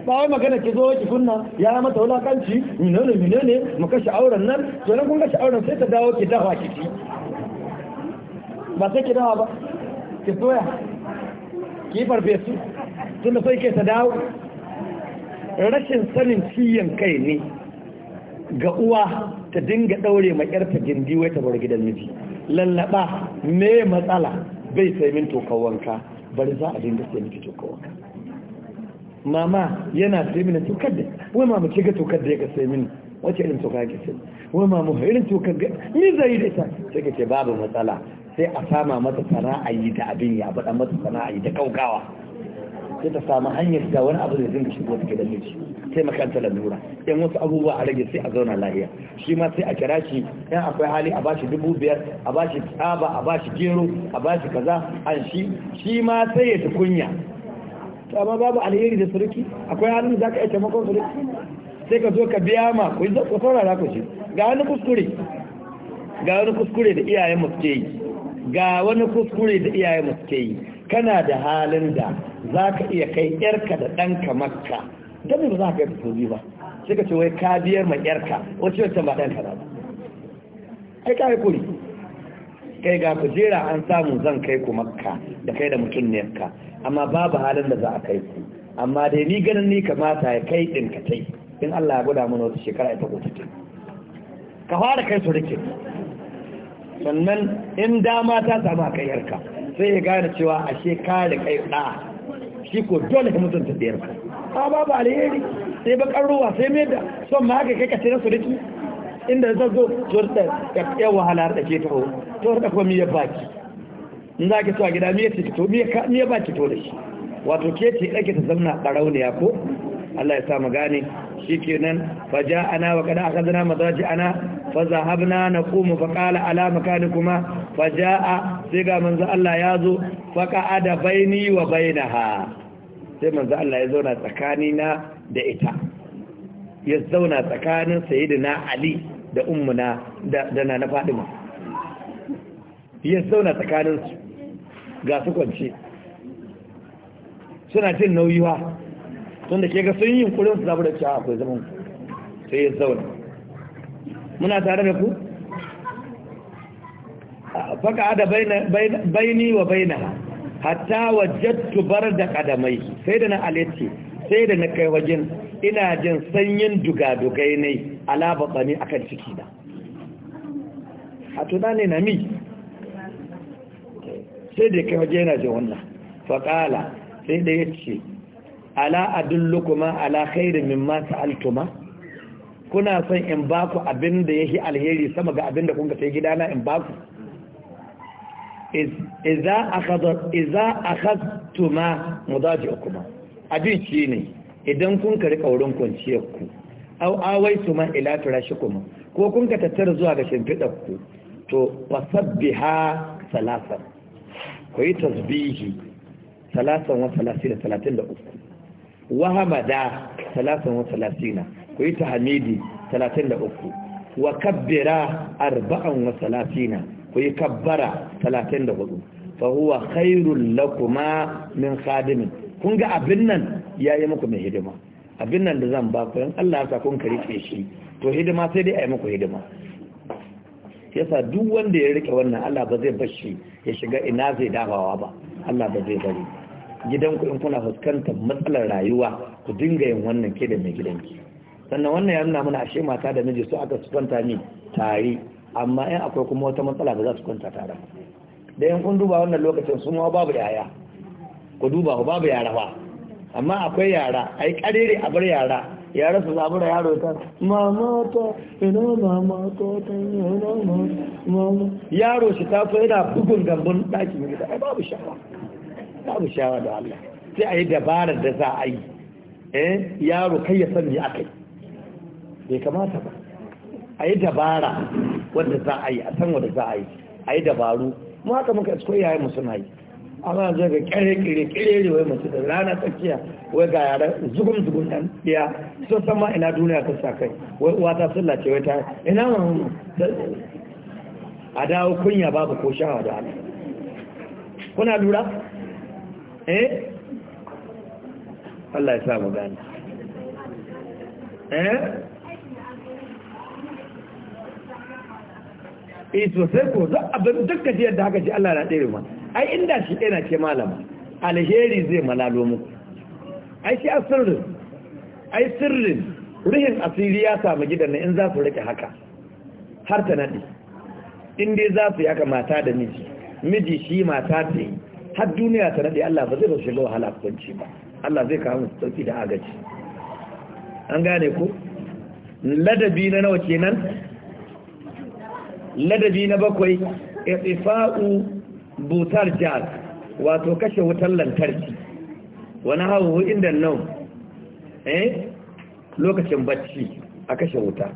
ba wai magana ki zo ki kunna ya mata wulakanci minone minone mu kashe auren nan to nan kun kashe auren sai ta dawo ki dafa ki ci ba sai ki dawa ba ki soya ki farfesu tunda sai ke ta dawo rashin sanin ciyan kai ne ga uwa ta dinga daure ma yarta gindi wai ta bar gidan miji lallaba me matsala bai sai min tokawanka wanka bari za a dinga sai miki tokawanka wanka mama yana sai min tokar da wai mama ce ga tokar da ya sai min wace irin toka ke sai wai mama irin tokar ga ni zai da ita sai ka ce babu matsala sai a sama mata sana'a yi da abin ya faɗa mata sana'a yi da kaukawa sai ta samu hanyar da wani abu da zai shigo take da shi taimaka ta lalura in wasu abubuwa a rage sai a zauna lahiya shi ma sai a kira shi yan akwai hali a bashi dubu biyar a bashi tsaba a bashi gero a bashi kaza an shi shi ma sai ya ta kunya to amma babu alheri da suruki akwai halin da zaka iya taimakon suruki sai ka zo ka biya ma ku yi zo ku saurara ku ce ga wani kuskure ga wani kuskure da iyayen mu suke yi ga wani kuskure da iyayen mu suke yi kana da halin da za ka iya kai yarka da ɗanka makka don ba za ka yi saudi ba sai ka ce wai ka biyar mai yarka wacce wacce ba ɗanka ba ai ka yi kuri kai ga kujera an samu zan kai ku makka da kai da mutum ne ka amma babu halin da za a kai ku amma dai ni ganin ni kamata ya kai ɗin ka tai in Allah ya gwada mana wata shekara ita ko ta ka fara kai su rikin sannan in dama ta samu a kayyarka sai ya gane cewa ashe shekara kai ɗa shi ko dole ka mutunta ɗayarka a ba alheri sai bakar ruwa sai mai da son ma haka kai kashe na suriki inda zan zo turta ta yan wahala da ke taho to da kuma miya baki in za ki tuwa gida miya ce to miya baki to da shi wato ke ce ɗake ta zauna ya ko Allah ya sa mu gane shikenan faja'ana wa kada akhadna madaji'ana fa zahabna naqumu fa qala ala makanikuma faja'a sai ga manzo Allah ya zo fa qa'ada baini wa bainaha sai manzo Allah ya zauna tsakanina da ita ya zauna tsakanin sayyidina Ali da ummuna da da na Fadima ya zauna tsakaninsu ga su kwance suna cin nauyiwa. tun da ke ga sun yi yunkurin su zaɓi da cewa akwai zaman sai ya zauna muna tare da ku faka da baini wa baina hatta tubar da kadamai sai da na alete sai da na kai wajen ina jin sanyin dugadugai ne ala a akan ciki na a tuna ne na mi sai da kai wajen yana jin wannan faƙala sai da ya ce ala adullukuma ala khairin mimma sa'altuma kuna son in ba ku abin da yake alheri sama ga abin da kun sai gidana in ba ku idza akhadha idza akhadtuma mudaji'ukuma abin shi ne idan kun kari kaurin kunciyar ku aw awaituma ila turashikum ko kun ka tattara zuwa ga shimfidar ku to fasabbiha salasan ku yi tasbihi salasan wa salasin da talatin da uku da talatin wa talatina ku yi tahmidi talatin da uku wa kabbira arba'an wa talatina ku yi kabbara talatin da hudu fa huwa khairul lakuma min khadimin kun ga abin nan yayi muku mai hidima abin nan da zan ba ku in Allah ya sa kun shi to hidima sai dai a yi muku hidima yasa duk wanda ya rike wannan Allah ba zai bashi ya shiga ina zai dafawa ba Allah ba zai bari gidanku in kuna fuskantar matsalar rayuwa ku dinga yin wannan ke da mai gidanki sannan wannan ya nuna mana ashe mata da miji su aka su kwanta ni tare amma in akwai kuma wata matsala ba za su kwanta tare da yan kun duba wannan lokacin su ma babu yaya ku duba ku babu yara ba amma akwai yara ai karere a bar yara yara su zabi da yaro ta mama ta ina mama ta ta ina mama yaro shi ta fa yana bugun gambun ɗakin gida ai babu shawara za mu shawara da Allah sai a yi dabarar da za a yi eh yaro kai ya san me aka yi bai kamata ba a yi dabara wanda za a yi a san wanda za a yi a yi dabaru mu haka muka isko yayin mu suna yi amma yanzu ga kere kere kere ne wai mace da rana tsakiya wai ga yara zugun zugun dan ya sun san ma ina duniya ta sa kai wai uwa ta sallace wai ta ina mu a dawo kunya babu ko shawa da Allah. kuna lura eh Allah ya sa mu gani eh ito eh, sosai ko za a bin dukkan shi yadda haka shi Allah na ɗere ma ai inda shi ɗaya na ce malama alheri zai malalo muku ai shi a sirrin ai sirrin ruhin asiri ya samu gidan in za su rike haka har ta naɗi in dai za su yaka mata da miji miji shi mata ta yi har duniya ta nade Allah ba zai ba shiga wahala kwanci ba Allah zai kawo musu sauki da agaji an gane ku. ladabi na nawa kenan ladabi na bakwai ifa'u butar jihar wato kashe wutar lantarki wani hauhu inda nau eh lokacin bacci a kashe wuta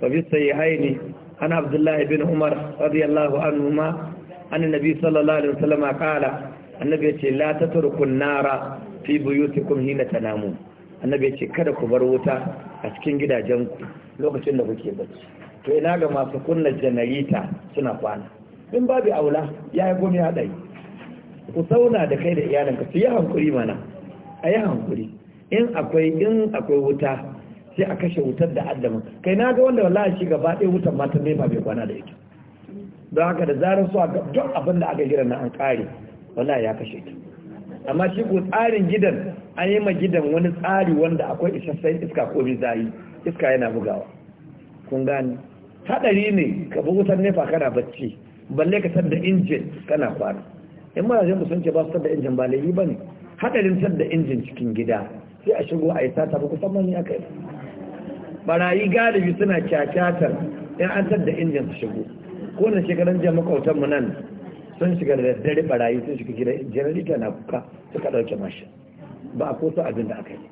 bi sai haini ana abdullahi bin umar radiyallahu anhu ma anna nabi sallallahu alaihi wasallam kala annabi ya ce la tatrukun nara fi buyutikum hina tanamun annabi ya ce kada ku bar wuta a cikin gidajenku lokacin da kuke bacci to ina ga masu kunna janarita suna kwana in babu aula ya yi ya dai ku sauna da kai da iyalanka su yi hankuri mana a yi hankuri in akwai in akwai wuta sai a kashe wutar da addama kai na ga wanda wallahi shi gaba ɗaya wutar matan nefa bai kwana da ita don haka da zarar su a duk abin da aka gira na an kare. wallahi ya kashe ta amma shi ko tsarin gidan an yi ma gidan wani tsari wanda akwai isassai iska ko zayi iska yana bugawa kun gani hadari ne ka bi wutar nefa kana bacci balle ka sadda injin kana kwana in mazajen zai sun ce ba su sadda injin ba laifi bane hadarin sadda injin cikin gida sai a shigo a yi sata ba kusan mani aka yi barayi galibi suna cakatar in an sadda injin su shigo ko na shekaran jama'a kautan mu nan sun shiga da daddare barayi sun shiga gida janarita na kuka suka ɗauke mashi ba a kosa abin da aka yi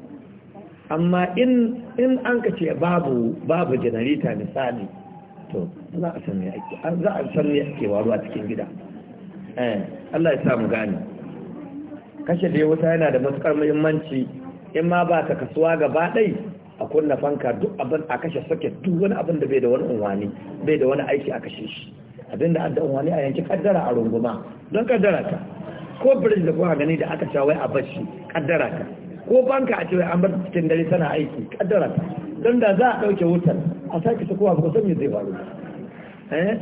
amma in an ka ce babu janarita misali to za a san ake za a san ake waro a cikin gida eh Allah ya sa mu gane kashe da wuta yana da matukar muhimmanci in ma ba ta kasuwa gaba dai a kunna fanka duk abin a kashe soket duk wani abin da bai da wani unwani bai da wani aiki a kashe shi abinda an da wani a yanki kaddara a runguma don kaddara ta ko birnin da kuma gani da aka sha wai a bashi kaddara ta ko banka a cewa an bar cikin dare tana aiki kaddara ta don da za a ɗauke wutar a sake su kowa san me zai faru eh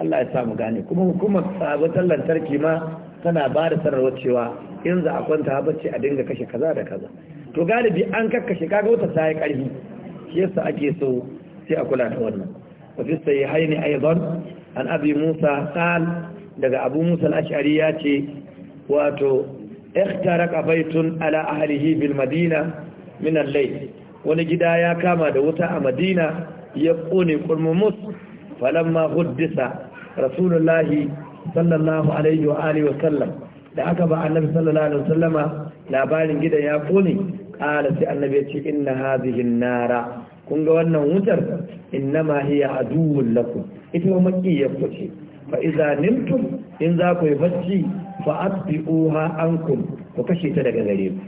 Allah ya samu gane kuma hukumar wutar lantarki ma tana ba da sanarwar cewa in za a kwanta bacci a dinga kashe kaza da kaza to galibi an kakkashe kaga wutar ta yi ƙarfi shi yasa ake so sai a kula da wannan wa sai haini aizon an abi musa qal daga abu musa al ya ce wato ikhtaraka baitun ala ahlihi bil madina min wani gida ya kama da wuta a madina ya kone kurmumus falamma huddisa rasulullahi sallallahu alaihi wa alihi wa sallam da aka ba annabi sallallahu alaihi wa sallama labarin gidan ya kone kala sai annabi ya ce inna hadhihi nara kun ga wannan wutar innama hiya aduwwun lakum ita ma makiyar ku ce fa idza nimtum in za ku yi bacci fa atbi'uha ankum ku kashe ta daga gare ku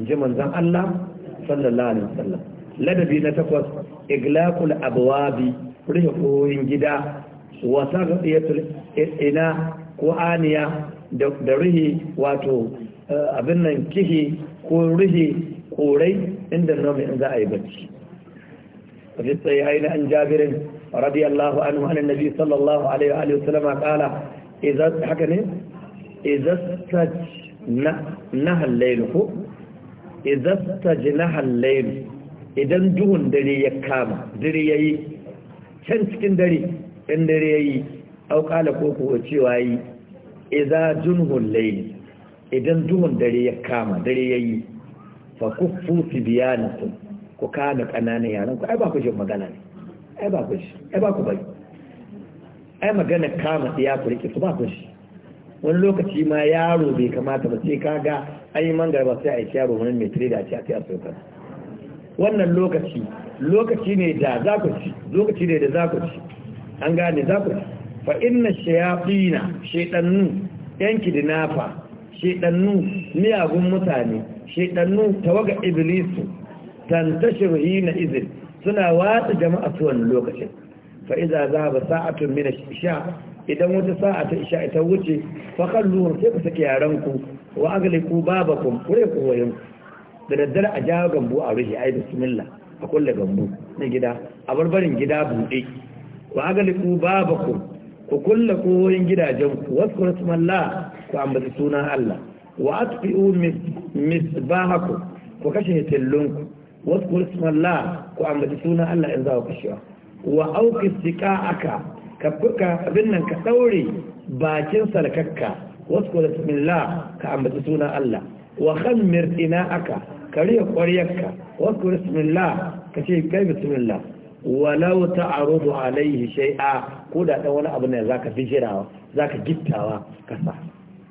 in ji manzon Allah sallallahu alaihi wasallam ladabi na takwas iglaqul abwabi rufe koyin gida wa sarfiyatul ina ko aniya da ruhi wato eh, abin nan kihi ko ruhi korai inda nomi in za a yi bacci وفي الصحيحين عن جابر رضي الله عنه عن النبي صلى الله عليه وآله وسلم قال إذا حكني إذا استجنح الليل إذا استجنح الليل idan duhun dare ya kama dare ya yi can cikin dare in dare ya yi auƙala ko kuwa cewa yi iza junhun laili idan duhun dare ya kama dare ya yi fa fi ku kaga ƙananan yaran ku ai ba ku jin magana ne ai ba ku shi ai ba ku bari ai magana kama ya ku rike ku ba ku shi wani lokaci ma yaro bai kamata ba sai kaga an yi mangarba sai a yi yaro wani mai tire da a ce a fiya wannan lokaci lokaci ne da za ku ci lokaci ne da za ku ci an gane za ku ci fa inna shayatina shaytanu yanki dinafa, shaytanu miyagun mutane shaytanu tawaga iblisu tantashiru hina izin suna watsa jama'a su wannan lokacin fa iza zaba sa'atun min isha idan wata sa'a ta isha ita wuce fa kalluhum sai ku sake yaran ku wa agliku babakum kure ku wayin da daddare a jawo gambo a ruhi ai bismillah a kulle gambo na gida a barbarin gida bude wa agliku babakum ku kulle koyin gidajen ku wasu rasmallah ku ambaci suna Allah wa atfi'u misbahakum ku kashe tillunku waskul smalla ku ambaci suna Allah in za ku kashewa wa auki sika aka ka kuka abin nan ka daure bakin salkakka waskul smalla ka ambaci suna Allah wa khammir ina aka kariya kwaryarka waskul smalla ka ce kai bismillah walau ta'arudu alaihi shay'a ko da wani abu ne zaka fijirawa zaka gittawa kasa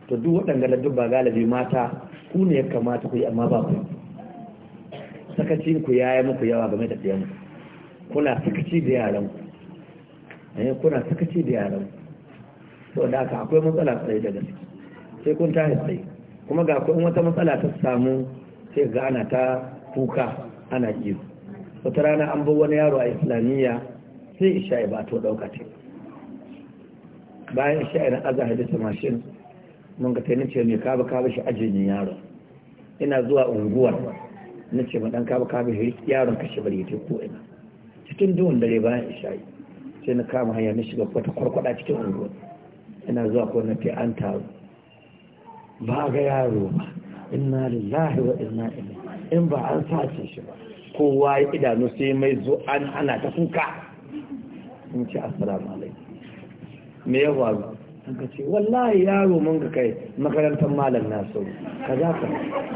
to duk waɗanda da dubba galibi mata ku ne ya kamata ku yi amma ba ku sakacin ku ya yi muku yawa game da ɗiyan kuna sakaci da yaran ku eh, kuna sakaci da yaran ku to da aka akwai matsala tsaye daga ciki sai kun ta tsaye kuma ga akwai wata matsala ta samu sai ga ana ta kuka ana iyo wata rana an bar wani yaro a islamiyya sai isha'i ba to ɗauka ce bayan isha'i na azahar da mashin mun ga ta ce mai kaba kaba shi ajin yaro ina zuwa unguwar na ce maɗan kaba kaba yi yaron kashe bari ya ko ina cikin duhun dare bayan isha'i sai na kama hanyar na shiga wata kwarkwada cikin unguwa ina zuwa ko na an taru ba ga yaro ba inna lillahi wa na ina in ba an sace shi ba kowa ya idanu sai mai zo an ana ta kuka in ce assalamu alaikum me ya faru suka ce wallahi yaro mun ga kai makarantar malam na so kaza ka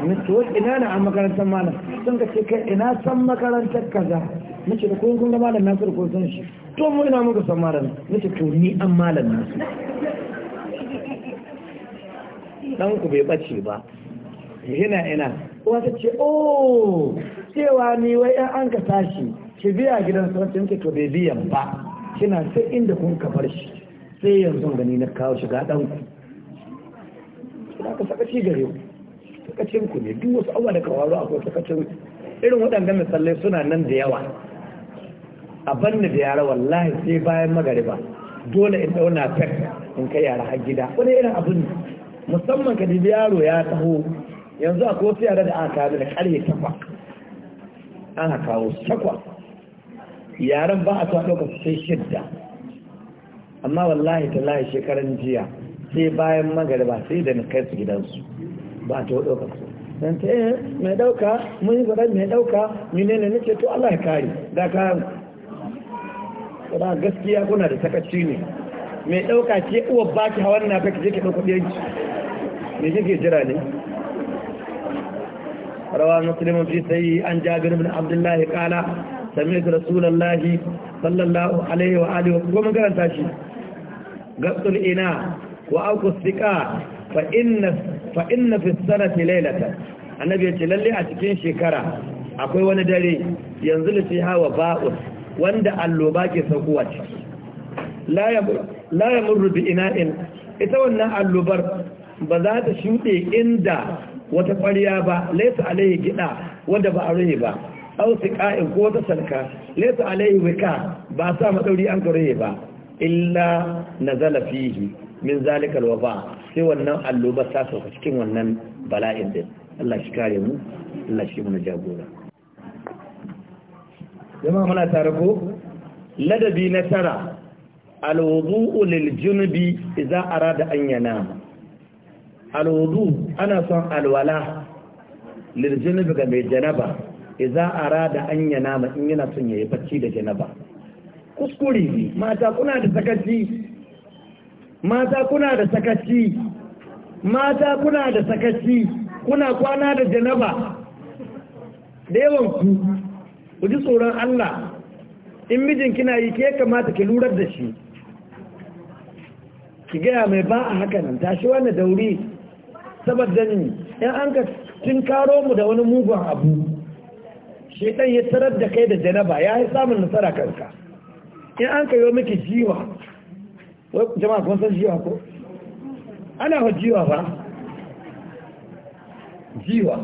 nace wai ina na a makarantar malam sun ka ce kai ina san makarantar kaza Mace da kun kun ga malam na so ko san shi to mu ina muka san malam Mace to ni an malam na so dan ku bai bace ba yana ina uwa ta ce oh cewa ni wai an ka tashi ki biya gidan sarki to bai biyan ba kina sai inda kun ka bar shi sai yanzu gani na kawo shiga ɗan ku da ka sakaci gare ku sakacin ku ne duk wasu awa da kawaru akwai sakacin irin waɗanda misalai suna nan da yawa a banni da yara wallahi sai bayan magariba dole in ɗauna fek in kai yara har gida wani irin abin musamman ka dibi yaro ya taho yanzu a kowace yara da aka kawo da ƙarfe takwa An kawo takwa yaran ba a sa ɗauka sai shidda amma wallahi tallahi shekaran jiya sai bayan magariba sai da na kai su gidansu ba ta ɗauka su don ta yi mai ɗauka mun yi faɗa mai ɗauka ne nake to Allah ya kari da kayan ba gaskiya kuna da sakaci ne mai ɗauka ce uwa ba ki hawan na kake je ki ɗauka ɗiyan ki me kike jira ne rawa muslimun fi sayi an jabir bin abdullahi qala sami'tu rasulullahi sallallahu alaihi wa alihi wa kuma karanta shi غسل الإناء وأوكو السقاء فإن, فإن في السنة ليلة annabi ya ce lalle a cikin shekara akwai wani dare yanzu da hawa ba'us wanda alloba ke saukowa ce la ya murru bi ina'in ita wannan allobar ba za ta shuɗe inda wata ƙwariya ba laisa alaihi gida wanda ba a ruhe ba au siqa'in ko wata salka laisa alaihi wika ba sa maɗauri an ruhe ba illa nazala fihi min zalikal wafa sai wannan alloba ta sauka cikin wannan bala'in din Allah shi kare mu Allah shi mu jagora jama'a muna tare ko ladabi na tara alwudu lil junubi idza arada an yanama alwudu ana son alwala lil junubi ga mai janaba idza arada an yanama in yana son yayi bacci da janaba kuskure ne mata kuna da sakaci mata kuna da sakaci mata kuna da sakaci kuna kwana da janaba da yawan ku ku ji tsoron Allah in mijin kina yi ke kamata ki lurar da shi ki gaya mai ba a haka nan tashi wani dauri saboda ni in an ka tun karo mu da wani mugun abu shedan ya tarar da kai da janaba ya yi samun nasara kanka in an kayo miki jiwa wai jama'a kuma san jiwa ko ana wa jiwa ba jiwa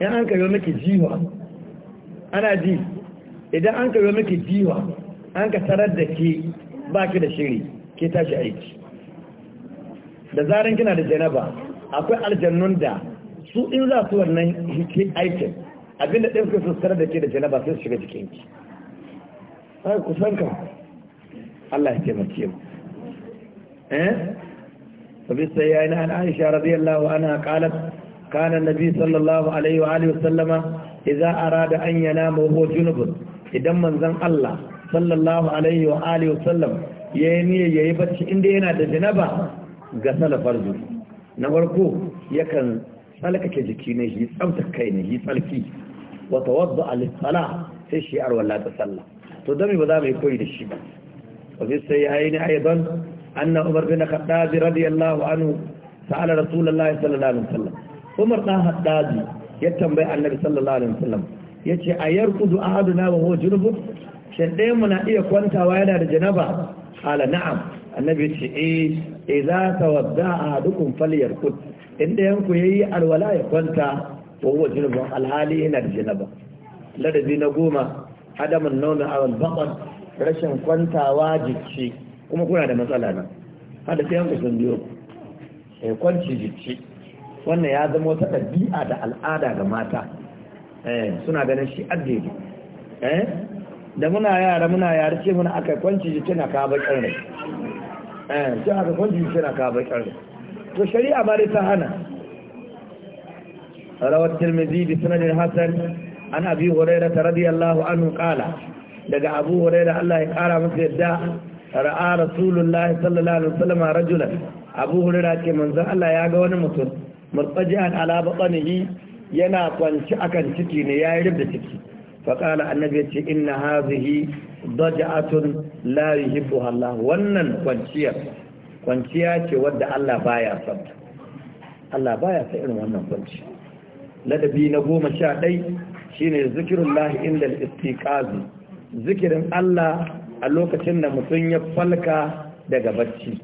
in an kayo miki jiwa ana ji idan an kayo miki jiwa an ka tarar da ke ba ki da shiri ke tashi aiki da zarin kina da janaba akwai aljannun da su in za su wannan aikin abinda ɗin suka su tarar da ke da janaba sai su shiga jikinki ai kusan ka Allah ya taimake mu eh sabi sai yayin an Aisha radiyallahu anha qalat kana nabi sallallahu alaihi wa alihi wasallama idza arada an yanama wa junub idan manzon Allah sallallahu alaihi wa alihi wasallam yayi ne yayi bacci inda yana da janaba ga sala farzu na farko yakan tsalkake jiki ne shi tsamta kai ne yi tsalki wa tawadda al-salah sai shi arwala ta sallah to dami ba za mu yi koyi da shi ba wajen sai ya yi ni aiban an na umar bin Haddazi radiyallahu anhu sa'ala rasulullahi sallallahu alaihi wasallam umar ɗan Haddazi. ya tambayi annabi sallallahu alaihi wasallam ya ce a yar yarkudu ahaduna wa huwa junubun shin ɗayan mu na iya kwantawa yana da janaba qala na'am annabi ya ce eh idza tawadda ahadukum falyarkud Inda yanku ku yayi alwala ya kwanta wa huwa junubun alhali yana da janaba ladabi na goma adamun nauna awal bakon rashin kwantawa jiki kuma kuna da matsala nan hada sai yanku sun biyo eh kwanci jiki wannan ya zama wata ɗabi'a da al'ada ga mata eh suna ganin shi addini eh da muna yara muna yara ce muna aka kwanci jiki na kawo bakin rai eh sai aka kwanci jiki na kawo bakin rai to shari'a ba dai ta hana rawar tirmidhi bi sanadin hasan an abi hurairah radiyallahu anhu qala daga abu hurairah Allah ya kara masa yadda ra'a rasulullahi sallallahu alaihi wasallam rajulan abu hurairah ke manzon Allah ya ga wani mutum murtaji'an ala batnihi yana kwanci akan ciki ne ya rubda ciki fa qala annabi ce inna hadhihi daj'atun la yuhibbuha Allah wannan kwanciya kwanciya ce wadda Allah baya son Allah baya son irin wannan kwanciya ladabi na goma sha ɗai shine zikirullahi inda al-istiqazi zikirin Allah a lokacin da mutum ya falka daga bacci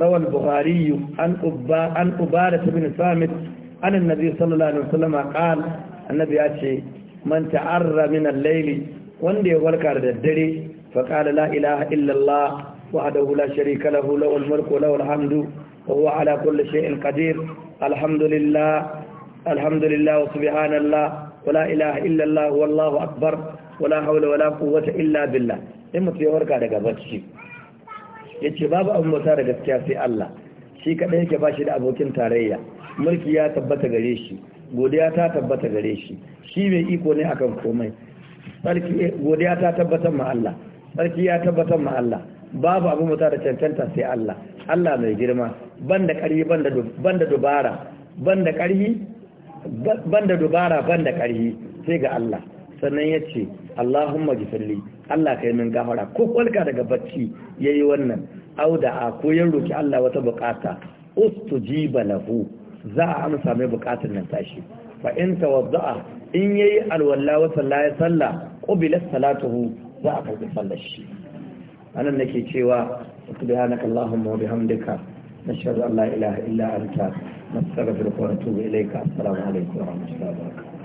rawal buhari an uba an ubada ibn samit an annabi sallallahu alaihi wasallam qal annabi ya ce man ta'arra min al-layl wanda ya walka da daddare fa qala la ilaha illa Allah wahdahu la sharika lahu lahu al-mulku lahu al-hamdu wa huwa ala kulli shay'in qadir alhamdulillah alhamdulillah wa subhanallah wala ilaha illallah wallahu akbar wala haula wala quwwata illa billah sai mutum ya warka daga bacci yace babu abin bauta da gaskiya sai Allah shi kadai yake bashi da abokin tarayya mulki ya tabbata gare shi godiya ta tabbata gare shi shi mai iko ne akan komai sarki godiya ta tabbatar ma Allah sarki ya tabbatar ma Allah babu abin bauta da cancanta sai Allah Allah mai girma banda ƙarfi banda banda dubara banda ƙarfi banda dubara banda ƙarfi sai ga Allah sannan ya ce Allahumma gifirli Allah ka yi min gafara ko kwalka daga bacci ya yi wannan auda a ko ya roki Allah wata bukata ustujiba lahu za a amsa mai bukatun nan tashi fa in tawadda'a in yayi alwala wa sallaya salla qubila salatuhu za a karbi sallar shi anan nake cewa subhanakallahumma wa bihamdika nashhadu an la ilaha illa anta نستغفرك ونتوب اليك السلام عليكم ورحمه الله وبركاته